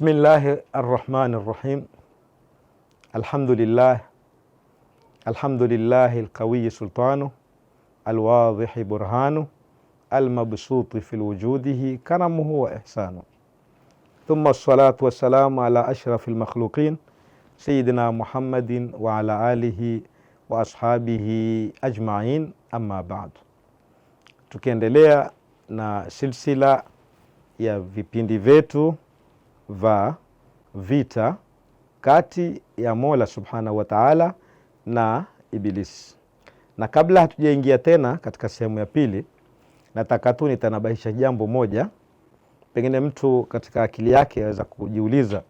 بسم الله الرحمن الرحيم الحمد لله الحمد لله القوي سلطانه الواضح برهانه المبسوط في الوجوده كرمه وإحسانه ثم الصلاة والسلام على أشرف المخلوقين سيدنا محمد وعلى آله وأصحابه أجمعين أما بعد tukiendelea نا سلسله يا فيبيندي فيتو va vita kati ya Mola Subhanahu wa Ta'ala na Ibilisi. Na kabla hatujaingia tena katika sehemu ya pili, nataka tu nitanabahisha jambo moja, pengine mtu katika akili yake aweza kujiuliza,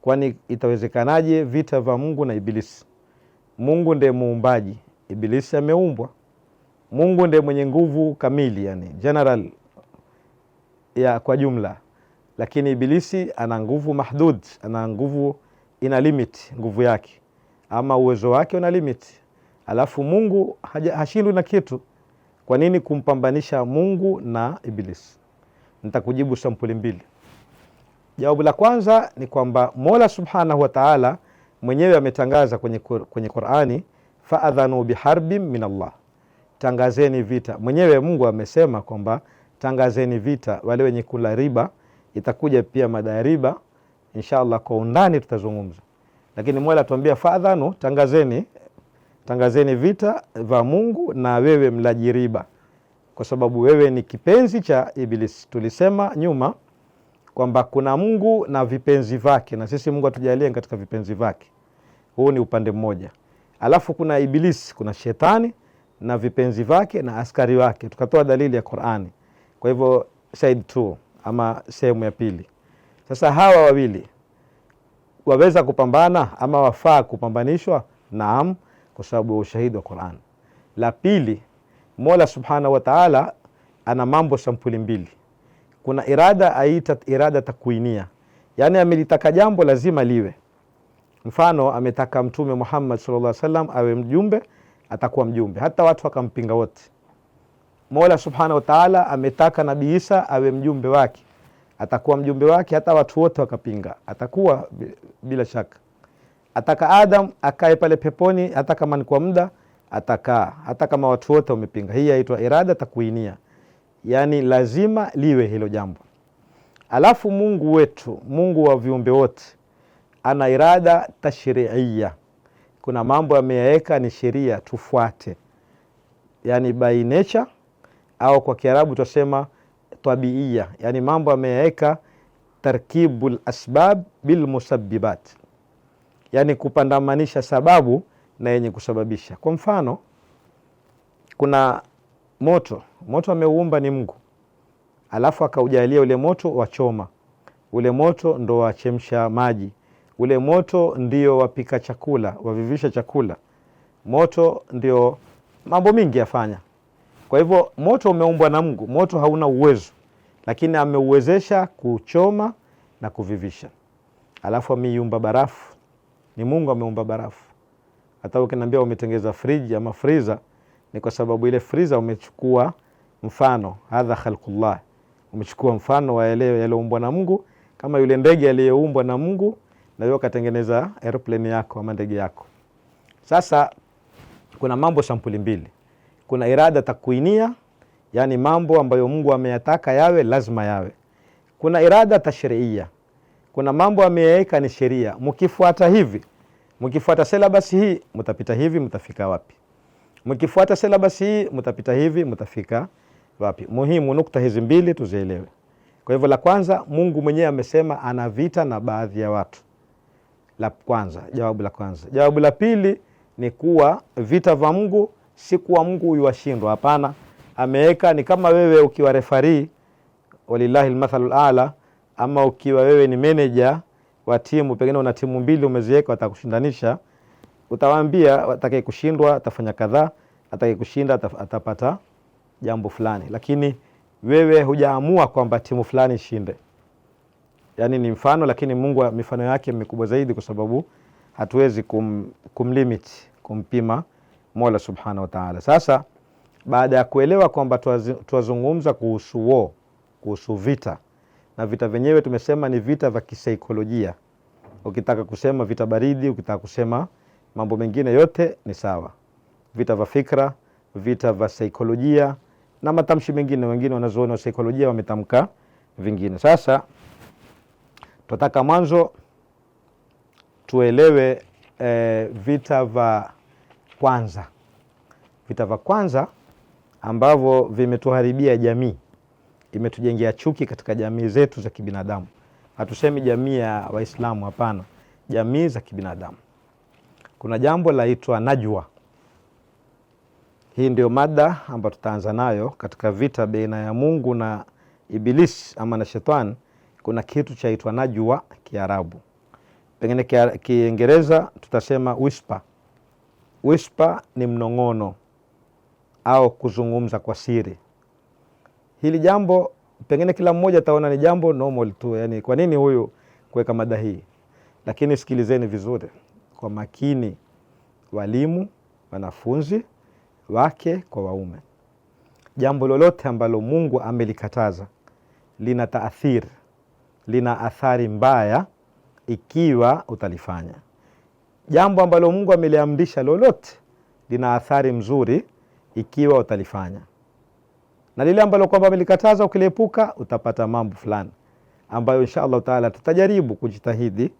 kwani itawezekanaje vita vya Mungu na Ibilisi? Mungu ndiye muumbaji, Ibilisi ameumbwa. Mungu ndiye mwenye nguvu kamili, yani general ya kwa jumla lakini ibilisi ana nguvu mahdud, ana nguvu ina limit nguvu yake, ama uwezo wake una limit. Alafu Mungu hashindwi na kitu. Kwa nini kumpambanisha Mungu na ibilisi? Nitakujibu sampuli mbili. Jawabu la kwanza ni kwamba Mola Subhanahu wa Ta'ala mwenyewe ametangaza kwenye, kwenye Qur'ani, faadhanu biharbin min Allah, tangazeni vita. Mwenyewe Mungu amesema kwamba tangazeni vita wale wenye kula riba itakuja pia mada ya riba inshallah, kwa undani tutazungumza, lakini Mola atuambia fadhanu, tangazeni tangazeni vita vya Mungu na wewe mlaji riba, kwa sababu wewe ni kipenzi cha Ibilisi. Tulisema nyuma kwamba kuna Mungu na vipenzi vyake, na sisi Mungu atujalie katika vipenzi vyake. Huu ni upande mmoja, alafu kuna Ibilisi, kuna shetani na vipenzi vyake na askari wake, tukatoa dalili ya Qur'ani. Kwa hivyo side 2 ama sehemu ya pili. Sasa hawa wawili waweza kupambana ama wafaa kupambanishwa? Naam, kwa sababu ya ushahidi wa Qur'an. La pili, Mola Subhanahu wa Ta'ala ana mambo sampuli mbili. Kuna irada aita irada takwinia, yaani amelitaka jambo lazima liwe. Mfano, ametaka Mtume Muhammad sallallahu alaihi wasallam awe mjumbe, atakuwa mjumbe, hata watu wakampinga wote Mola subhanahu wa taala ametaka Nabii Isa awe mjumbe wake, atakuwa mjumbe wake hata watu wote wakapinga, atakuwa bila shaka. Ataka Adam akae pale peponi, hata kama ni kwa muda atakaa, hata kama watu wote wamepinga. Hii yaitwa irada takuinia, yaani lazima liwe hilo jambo. Alafu Mungu wetu, Mungu wa viumbe wote, ana irada tashriia. Kuna mambo ameyaweka ni sheria tufuate, yani by nature au kwa Kiarabu tutasema tabiia, yani mambo ameyaweka tarkibul asbab bil musabbibat, yani kupandamanisha sababu na yenye kusababisha. Kwa mfano, kuna moto, moto ameuumba ni Mungu, alafu akaujalia ule moto wachoma, ule moto ndo wachemsha maji, ule moto ndio wapika chakula, wavivisha chakula, moto ndio mambo mingi yafanya kwa hivyo moto umeumbwa na Mungu, moto hauna uwezo, lakini ameuwezesha kuchoma na kuvivisha. Alafu ameiumba barafu, ni Mungu ameumba barafu. Hata ukiniambia umetengeza friji ama friza, ni kwa sababu ile friza umechukua mfano, hadha khalqullah, umechukua mfano wa yale yalioumbwa na Mungu, kama yule ndege aliyeumbwa na Mungu na wewe ukatengeneza airplane yako ama ndege yako. Sasa kuna mambo sampuli mbili kuna irada takwinia, yani mambo ambayo Mungu ameyataka yawe lazima yawe. Kuna irada tashriia, kuna mambo ameyaweka ni sheria, mkifuata hivi, mkifuata syllabus hii mtapita hivi, mtafika wapi? Mkifuata syllabus hii mtapita hivi, mtafika wapi? Muhimu nukta hizi mbili tuzielewe. Kwa hivyo, la kwanza, Mungu mwenyewe amesema ana vita na baadhi ya watu. La kwanza, jawabu la kwanza. Jawabu la pili ni kuwa vita vya Mungu si kuwa Mungu huyu washindwa, hapana. Ameweka ni kama wewe ukiwa refarii, walillahi almathalul ala, ama ukiwa wewe ni manager wa timu, pengine una timu mbili umeziweka, watakushindanisha, utawaambia atakaye kushindwa atafanya kadhaa, atakaye kushinda atapata jambo fulani, lakini wewe hujaamua kwamba timu fulani ishinde. Yani ni mfano, lakini Mungu mifano yake mikubwa zaidi, kwa sababu hatuwezi kum, kumlimit kumpima Mola subhanahu wa taala. Sasa baada ya kuelewa kwamba tuwazungumza kuhusu wo, kuhusu vita, na vita vyenyewe tumesema ni vita vya kisaikolojia. Ukitaka kusema vita baridi, ukitaka kusema mambo mengine yote ni sawa. Vita vya fikra, vita vya saikolojia na matamshi mengine, wengine wanazuoni wa saikolojia wametamka vingine. Sasa tunataka mwanzo tuelewe eh, vita vya kwanza, vita vya kwanza ambavyo vimetuharibia jamii, imetujengea chuki katika jamii zetu za kibinadamu. Hatusemi jamii ya Waislamu, hapana, jamii za kibinadamu. Kuna jambo laitwa najwa. Hii ndio mada ambayo tutaanza nayo katika vita baina ya Mungu na Ibilisi ama na Shetani. Kuna kitu chaitwa najwa Kiarabu, pengine Kiingereza tutasema whisper Whisper ni mnong'ono au kuzungumza kwa siri. Hili jambo pengine kila mmoja ataona ni jambo normal tu, yani kwa nini huyu kuweka mada hii? Lakini sikilizeni vizuri kwa makini, walimu, wanafunzi wake kwa waume, jambo lolote ambalo Mungu amelikataza lina taathiri, lina athari mbaya ikiwa utalifanya jambo ambalo Mungu ameliamrisha lolote lina athari mzuri ikiwa utalifanya, na lile ambalo kwamba amelikataza ukiliepuka, utapata mambo fulani ambayo insha allahu taala tutajaribu kujitahidi.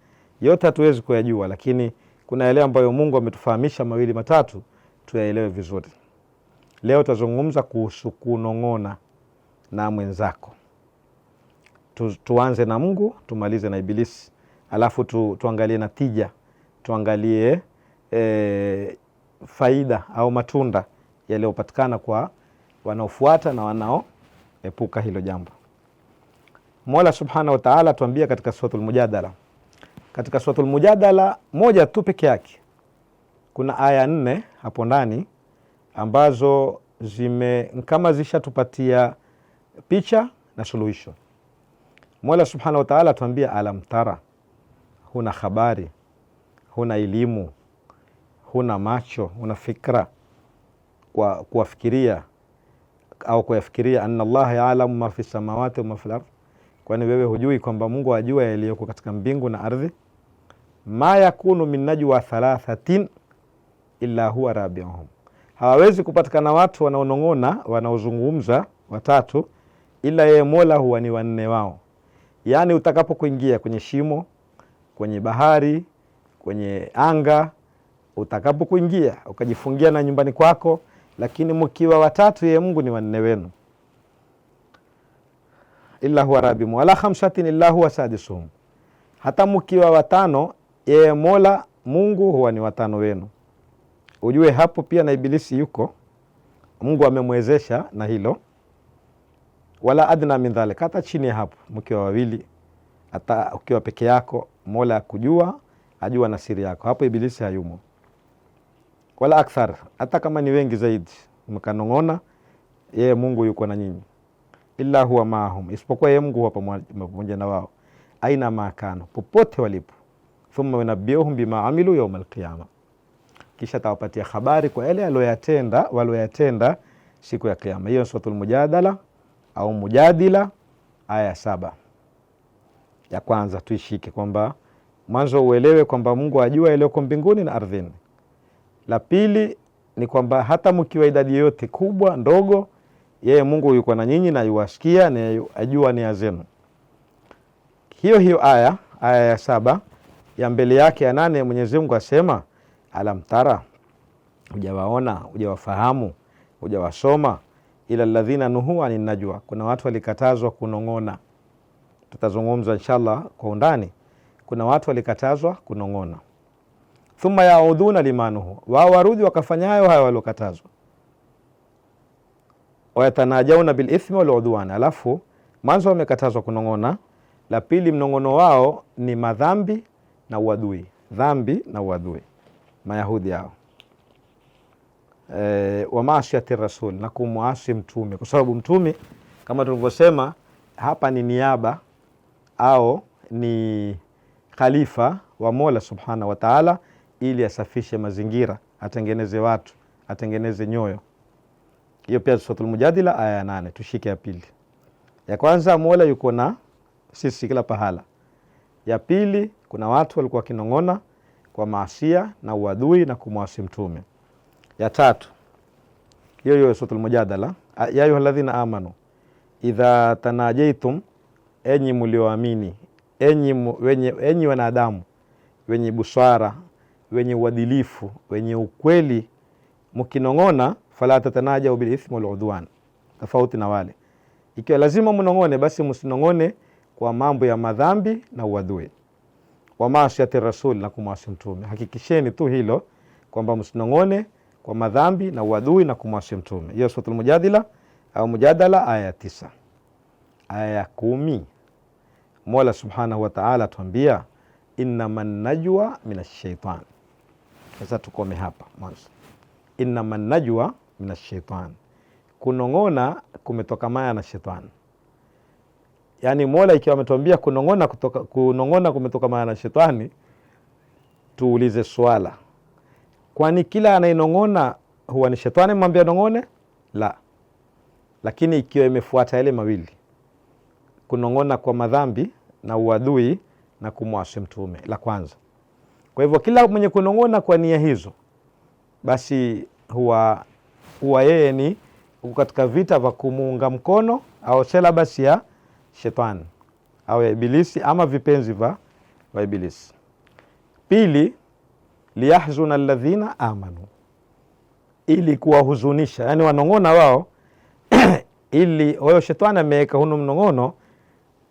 Yote hatuwezi kuyajua, lakini kuna yale ambayo Mungu ametufahamisha mawili matatu, tuyaelewe vizuri. Leo tutazungumza kuhusu kunong'ona na mwenzako. Tu, tuanze na Mungu tumalize na Ibilisi, alafu tu, tuangalie tija tuangalie e, faida au matunda yaliyopatikana kwa wanaofuata na wanaoepuka hilo jambo. Mola subhanahu wa taala tuambia katika suratul Mujadala, katika suratul Mujadala moja tu peke yake kuna aya nne hapo ndani ambazo zime kama zishatupatia picha na suluhisho. Mola subhanahu wa taala tuambia alamtara, huna habari huna elimu, huna macho, huna fikra kwa kuwafikiria au kuyafikiria, anna Allah yaalamu ma fi samawati wama fil ardh, kwani wewe hujui kwamba Mungu ajua yaliyoko katika mbingu na ardhi. Ma yakunu min najwa thalathatin illa huwa rabiuhum, hawawezi kupatikana watu wanaonong'ona wanaozungumza watatu ila yeye Mola huwa ni wanne wao. Yaani utakapokuingia kwenye shimo, kwenye bahari, kwenye anga utakapokuingia ukajifungia na nyumbani kwako, lakini mkiwa watatu, yeye Mungu ni wanne wenu. illa huwa rabimu wala khamsatin illa huwa sadisuhum, hata mkiwa watano, yeye Mola Mungu huwa ni watano wenu. Ujue hapo pia na Ibilisi yuko, Mungu amemwezesha na hilo. Wala adna min dhalika, hata chini ya hapo, mkiwa wawili, hata ukiwa peke yako, Mola akujua ajua na siri yako. Hapo ibilisi hayumo wala akthar, hata kama ni wengi zaidi mkanong'ona, yeye Mungu yuko na nyinyi, illa huwa maahum, isipokuwa yeye Mungu huwa pamoja na wao, aina makano, popote walipo. Thumma yunabiuhum bima amilu yawm alqiyama, kisha atawapatia habari kwa yale aliyoyatenda walioyatenda siku ya Kiyama. Hiyo Suratul Mujadala au Mujadila aya saba ya kwanza, tuishike kwamba mwanzo uelewe kwamba Mungu ajua iliyoko mbinguni na ardhini. La pili ni kwamba hata mkiwa idadi yote kubwa ndogo, yeye Mungu yuko na nyinyi na yuwasikia na ajua nia zenu. Hiyo hiyo aya aya ya saba ya mbele yake ya nane, Mwenyezi Mungu asema alamtara, hujawaona hujawafahamu hujawasoma ila ladhina nuhu ani najwa, kuna watu walikatazwa kunong'ona. Tutazungumza inshallah kwa undani kuna watu walikatazwa kunong'ona. Thumma yaudhuna limanuhu, wao warudi wakafanya hayo hayo waliokatazwa. Wayatanajauna bilithmi waludhuan, alafu mwanzo wamekatazwa kunong'ona, la pili mnong'ono wao ni madhambi na uadui, dhambi na uadui, mayahudi hao e, wa maasiati rasul, na kumwasi mtume, kwa sababu mtume kama tulivyosema hapa ni niaba au ni khalifa wa Mola subhanahu wa taala, ili asafishe mazingira, atengeneze watu, atengeneze nyoyo. Hiyo pia Suratul Mujadila aya ya nane. Tushike ya pili. Ya kwanza, Mola yuko na sisi kila pahala. Ya pili, kuna watu walikuwa wakinong'ona kwa maasia na uadui na kumwasi Mtume. Ya tatu, hiyo hiyo Suratul Mujadala, ya ayuha alladhina amanu idha tanajaitum, enyi mlioamini enyi, wenye, enyi wanadamu wenye busara wenye uadilifu wenye ukweli, mkinong'ona, fala tatanajau bilithmi udwan tofauti na wale. Ikiwa lazima mnong'one, basi msinong'one kwa mambo ya madhambi na uadui, wa maasiati rasul, na kumwasi mtume. Hakikisheni tu hilo kwamba msinong'one kwa madhambi na uadui na kumwasi mtume. Hiyo suratul Mujadila au Mujadala aya ya tisa aya ya kumi. Mola subhanahu wataala atuambia innama najwa minashaitan. Sasa tukome hapa mwanzo, innama najwa minashaitan, kunong'ona kumetokamana na shetani. Yaani Mola ikiwa ametuambia kunong'ona, kunong'ona kumetokamana na shetani, tuulize swala, kwani kila anayenong'ona huwa ni shetani mwambia nong'one? La, lakini ikiwa imefuata yale mawili kunong'ona kwa madhambi na uadui na kumwasi mtume, la kwanza. Kwa hivyo kila mwenye kunong'ona kwa nia hizo, basi huwa huwa yeye ni katika vita vya kumuunga mkono au selabasi ya shetani au ya ibilisi ama vipenzi vya wa ibilisi. Pili, liyahzuna alladhina amanu, ili kuwahuzunisha, yani wanong'ona wao ili wao, shetani ameweka huno mnong'ono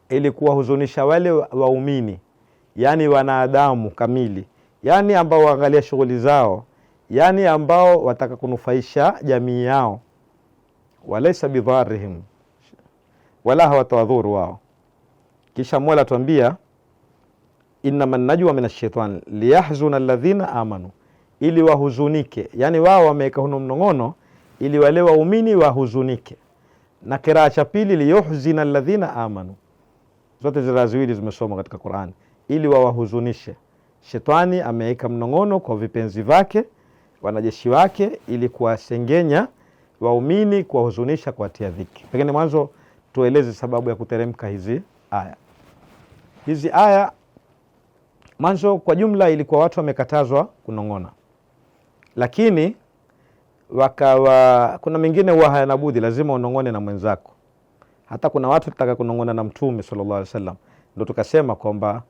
ili kuwahuzunisha wale waumini, yaani wanadamu kamili, yaani ambao waangalia shughuli zao, yaani ambao wataka kunufaisha jamii yao, walaisa bidharihim, wala hawatawadhuru wao. Kisha Mola atuambia innama najwa min ashaitani liyahzuna alladhina amanu, ili wahuzunike. yani wao wameweka huno mnong'ono ili wale waumini wahuzunike, na kiraa cha pili liyuhzina alladhina amanu zote zira ziwili zimesoma katika Qur'ani, ili wawahuzunishe. Shetani ameweka mnong'ono kwa vipenzi vake wanajeshi wake, ili kuwasengenya waumini, kuwahuzunisha, kuwatia dhiki. Pengine mwanzo tueleze sababu ya kuteremka hizi aya. Hizi aya mwanzo kwa jumla ilikuwa watu wamekatazwa kunong'ona, lakini wakawa kuna mengine huwa hayanabudhi lazima unong'one na mwenzako hata kuna watu tutaka kunong'ona na Mtume sallallahu alaihi wasallam, ndio tukasema kwamba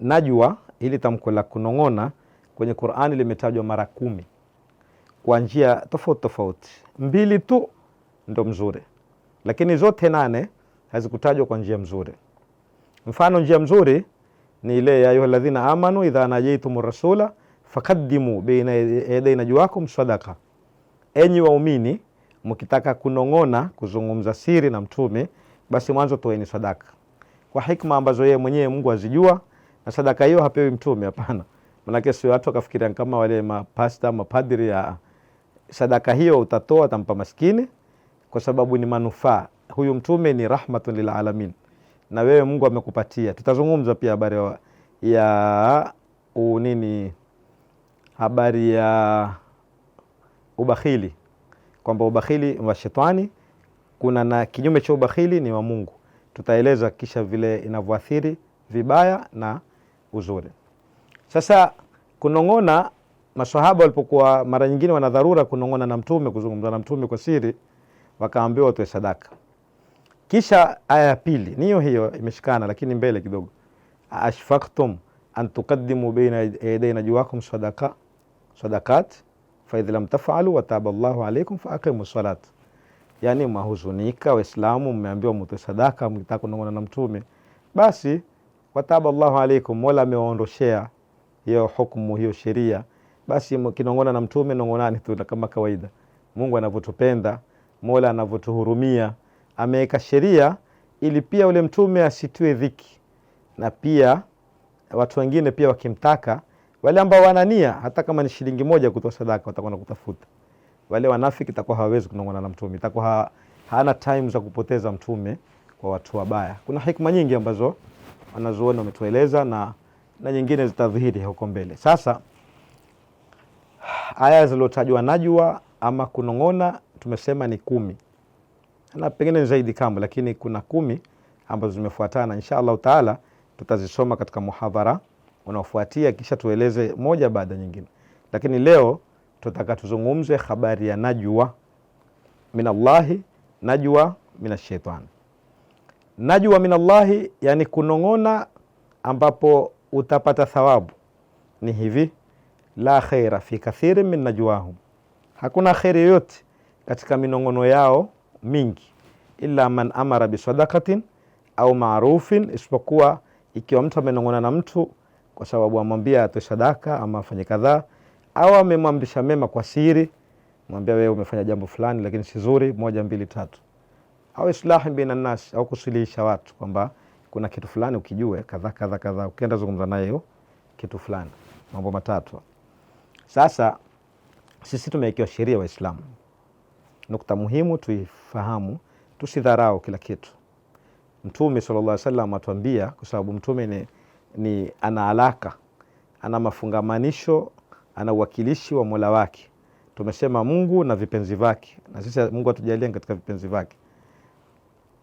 najua ili tamko la kunong'ona kwenye Qur'ani limetajwa mara kumi kwa njia tofauti tofauti, mbili tu ndo mzuri, lakini zote nane hazikutajwa kwa njia mzuri. Mfano, njia mzuri ni ile ya ayuha alladhina amanu idha najaitum rasula fakaddimu baina yaday najwakum sadaqa, enyi waumini mkitaka kunong'ona kuzungumza siri na mtume basi mwanzo toeni sadaka kwa hikma ambazo yeye mwenyewe Mungu azijua, na sadaka hiyo hapewi mtume. Hapana, manake sio watu wakafikiria kama wale mapasta mapadri. Ya sadaka hiyo utatoa utampa maskini, kwa sababu ni manufaa. Huyu mtume ni rahmatun lil alamin, na wewe Mungu amekupatia. Tutazungumza pia habari ya unini, nini, habari ya ubakhili, kwamba ubakhili wa shetani kuna na kinyume cha ubakhili ni wa Mungu. Tutaeleza kisha vile inavyoathiri vibaya na uzuri. Sasa kunong'ona, maswahaba walipokuwa mara nyingine wana dharura kunong'ona na mtume, kuzungumza na mtume kwa siri, wakaambiwa watoe sadaka. Kisha aya ya pili niyo hiyo imeshikana, lakini mbele kidogo, ashfaqtum an tuqaddimu baina yadayna juwakum sadaka sadakat fa idh lam taf'alu wa Allahu alaykum fa aqimu salata yani mahuzunika Waislamu, mmeambiwa mutoe sadaka mkitaka kunong'ona na Mtume, basi wataba Allahu alaikum, Mola amewaondoshea hiyo hukumu hiyo sheria. Basi mkinong'ona na Mtume, nong'onani tu kama kawaida. Mungu anavyotupenda, Mola anavyotuhurumia, ameweka sheria ili pia ule mtume asitiwe dhiki, na pia watu wengine pia wakimtaka, wale ambao wanania, hata kama ni shilingi moja kutoa sadaka, watakwenda kutafuta wale wanafiki itakuwa hawawezi kunong'ona na mtume, itakuwa ha, hana time za kupoteza mtume kwa watu wabaya. Kuna hikma nyingi ambazo wanazuoni wametueleza na, na nyingine zitadhihiri huko mbele. Sasa aya zilizotajwa najua ama kunong'ona tumesema ni kumi na pengine ni zaidi kama, lakini kuna kumi ambazo zimefuatana. Insha allahu taala tutazisoma katika muhadhara unaofuatia, kisha tueleze moja baada nyingine, lakini leo tutaka tuzungumze habari ya najwa minallahi, najwa minashaitani. Najwa minallahi, yani kunong'ona ambapo utapata thawabu ni hivi: la khaira fi kathirin min najwahum, hakuna kheri yoyote katika minong'ono yao mingi, ila man amara bisadakatin au maarufin, isipokuwa ikiwa mtu amenong'ona na mtu kwa sababu amwambia atoe sadaka ama afanye kadhaa au amemwamrisha mema kwa siri, mwambia wewe umefanya jambo fulani lakini si zuri, moja mbili tatu, au islahi baina nas, au kusilisha watu kwamba kuna kitu fulani ukijue kadha kadha kadha, ukienda zungumza naye hiyo kitu fulani, mambo matatu. Sasa sisi tumewekewa sheria Waislamu, nukta muhimu tuifahamu, tusidharau kila kitu. Mtume sallallahu alaihi wasallam atuambia, kwa sababu mtume ni, ni ana alaka ana mafungamanisho ana uwakilishi wa Mola wake. Tumesema Mungu na vipenzi vake, na sisi Mungu atujalie katika vipenzi vake.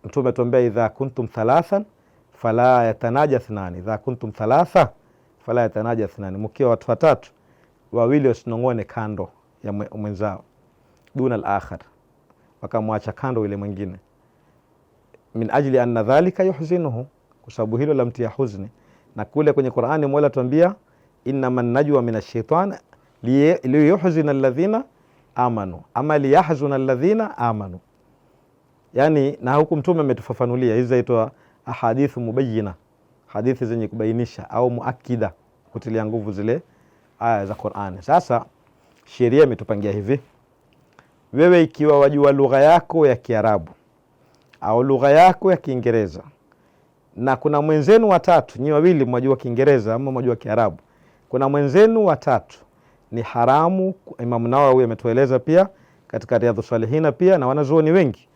Mtume tuambia, idha kuntum thalatha fala yatanaja thnani, idha kuntum thalatha fala yatanaja thnani, mkiwa watu watatu wawili wasinong'one kando ya mwenzao, duna al-akhar, wakamwacha kando yule mwingine, min ajli anna dhalika yuhzinuhu, kwa sababu hilo la mtia huzni. Na kule kwenye Qur'ani Mola tuambia innama najwa min ashaitan liyuhzina ladhina amanu ama liyahzuna alladhina amanu, yani na huku Mtume ametufafanulia hizi zaitwa ahadithu mubayina, hadithi zenye kubainisha au muakida, kutilia nguvu zile aya za Qur'ani. Sasa sheria imetupangia hivi, wewe ikiwa wajua lugha yako ya Kiarabu au lugha yako ya Kiingereza na kuna mwenzenu watatu, nyi wawili mwajua Kiingereza ama mwajua Kiarabu kuna mwenzenu watatu ni haramu. Imamu Nawawi ametueleza pia katika Riyadhus Salihina pia na wanazuoni wengi,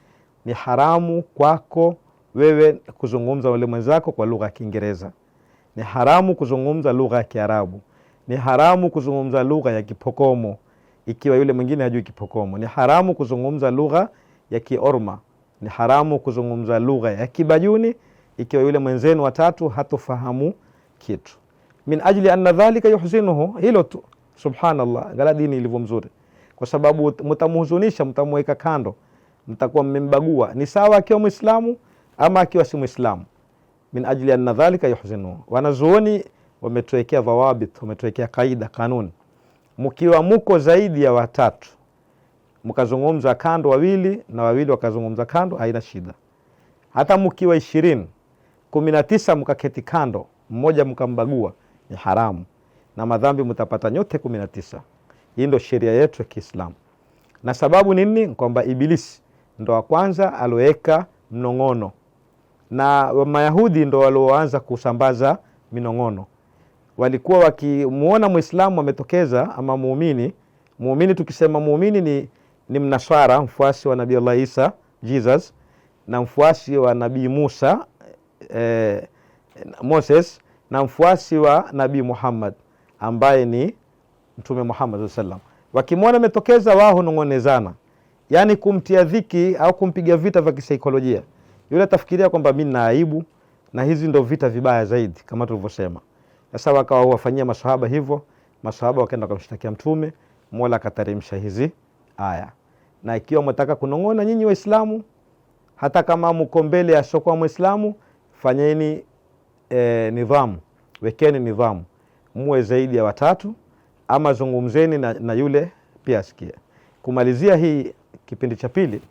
ni haramu kwako wewe kuzungumza wale mwenzako kwa lugha ya Kiingereza, ni haramu kuzungumza lugha ya Kiarabu, ni haramu kuzungumza lugha ya Kipokomo ikiwa yule mwingine hajui Kipokomo, ni haramu kuzungumza lugha ya Kiorma, ni haramu kuzungumza lugha ya Kibajuni ikiwa yule mwenzenu watatu hatofahamu kitu min ajli anna dhalika yuhzinuhu, hilo tu. Subhanallah, angalia dini ilivyo mzuri, kwa sababu mtamhuzunisha, mtamweka kando, mtakuwa mmembagua. Ni sawa akiwa Muislamu ama akiwa si Muislamu. Min ajli anna dhalika yuhzinuhu. Wanazuoni wametuwekea dhawabit, wametuwekea kaida, kanuni. Mkiwa muko zaidi ya watatu mkazungumza kando wawili na wawili wakazungumza kando, haina shida. Hata mkiwa ishirini kumi na tisa mkaketi kando, mmoja mkambagua ni haramu na madhambi mtapata nyote kumi na tisa. Hii ndio sheria yetu ya Kiislamu. Na sababu ni nini? Kwamba Ibilisi ndo wa kwanza alioweka mnong'ono na Mayahudi ndo walioanza kusambaza minong'ono. Walikuwa wakimuona Muislamu ametokeza ama muumini, muumini tukisema muumini ni, ni mnaswara mfuasi wa Nabii Allah Isa Jesus na mfuasi wa Nabii Musa eh, Moses na mfuasi wa Nabii Muhammad ambaye ni Mtume Muhammad sallallahu alaihi wasallam, wakimwona ametokeza wao hunong'onezana, yaani kumtia dhiki au kumpiga vita vya kisaikolojia. Yule atafikiria kwamba mimi na aibu, na hizi ndo vita vibaya zaidi kama tulivyosema. Sasa wakawa wafanyia maswahaba hivyo, maswahaba wakaenda kumshtakia Mtume, Mola akateremsha hizi aya. Na ikiwa mtaka kunong'ona nyinyi Waislamu, hata kama mko mbele asiokuwa Mwislamu, fanyeni e, nidhamu, wekeni nidhamu, muwe zaidi ya watatu ama zungumzeni na, na yule pia asikie Kumalizia hii kipindi cha pili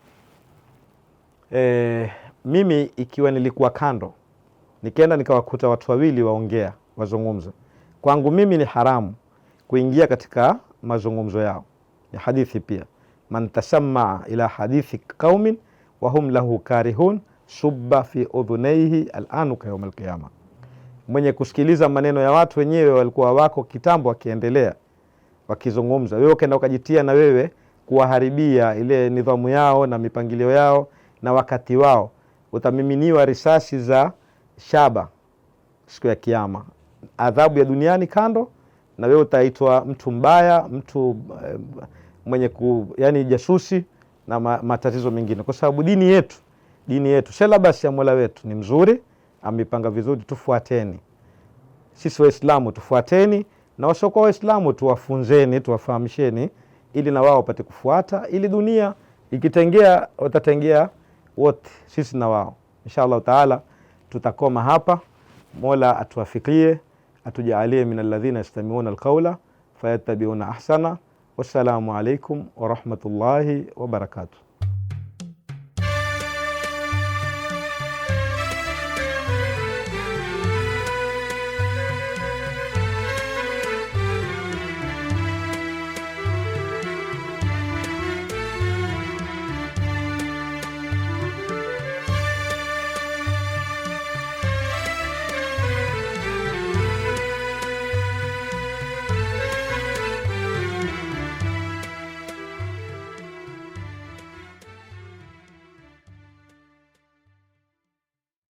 e, mimi ikiwa nilikuwa kando nikaenda nikawakuta watu wawili waongea wazungumza, kwangu mimi ni haramu kuingia katika mazungumzo yao. Ni hadithi pia, man tasammaa ila hadithi qaumin wahum lahu karihun subba fi udhunaihi al'anuka yauma alqiyama mwenye kusikiliza maneno ya watu wenyewe walikuwa wako kitambo, wakiendelea wakizungumza, wewe ukaenda ukajitia na wewe kuwaharibia ile nidhamu yao na mipangilio yao na wakati wao, utamiminiwa risasi za shaba siku ya Kiyama, adhabu ya duniani kando, na wewe utaitwa mtu mbaya, mtu eh, mwenye ku, yani jasusi na matatizo mengine, kwa sababu dini yetu dini yetu, selabasi ya Mola wetu ni mzuri amepanga vizuri, tufuateni. Sisi Waislamu tufuateni, na wasiokuwa Waislamu tuwafunzeni, tuwafahamisheni, ili na wao wapate kufuata, ili dunia ikitengea watatengea wote, sisi na wao. Insha allahu taala tutakoma hapa. Mola atuwafikie, atujaalie min alladhina yastamiuna alqaula fayattabiuna ahsana. Wassalamu alaikum warahmatullahi wabarakatuh.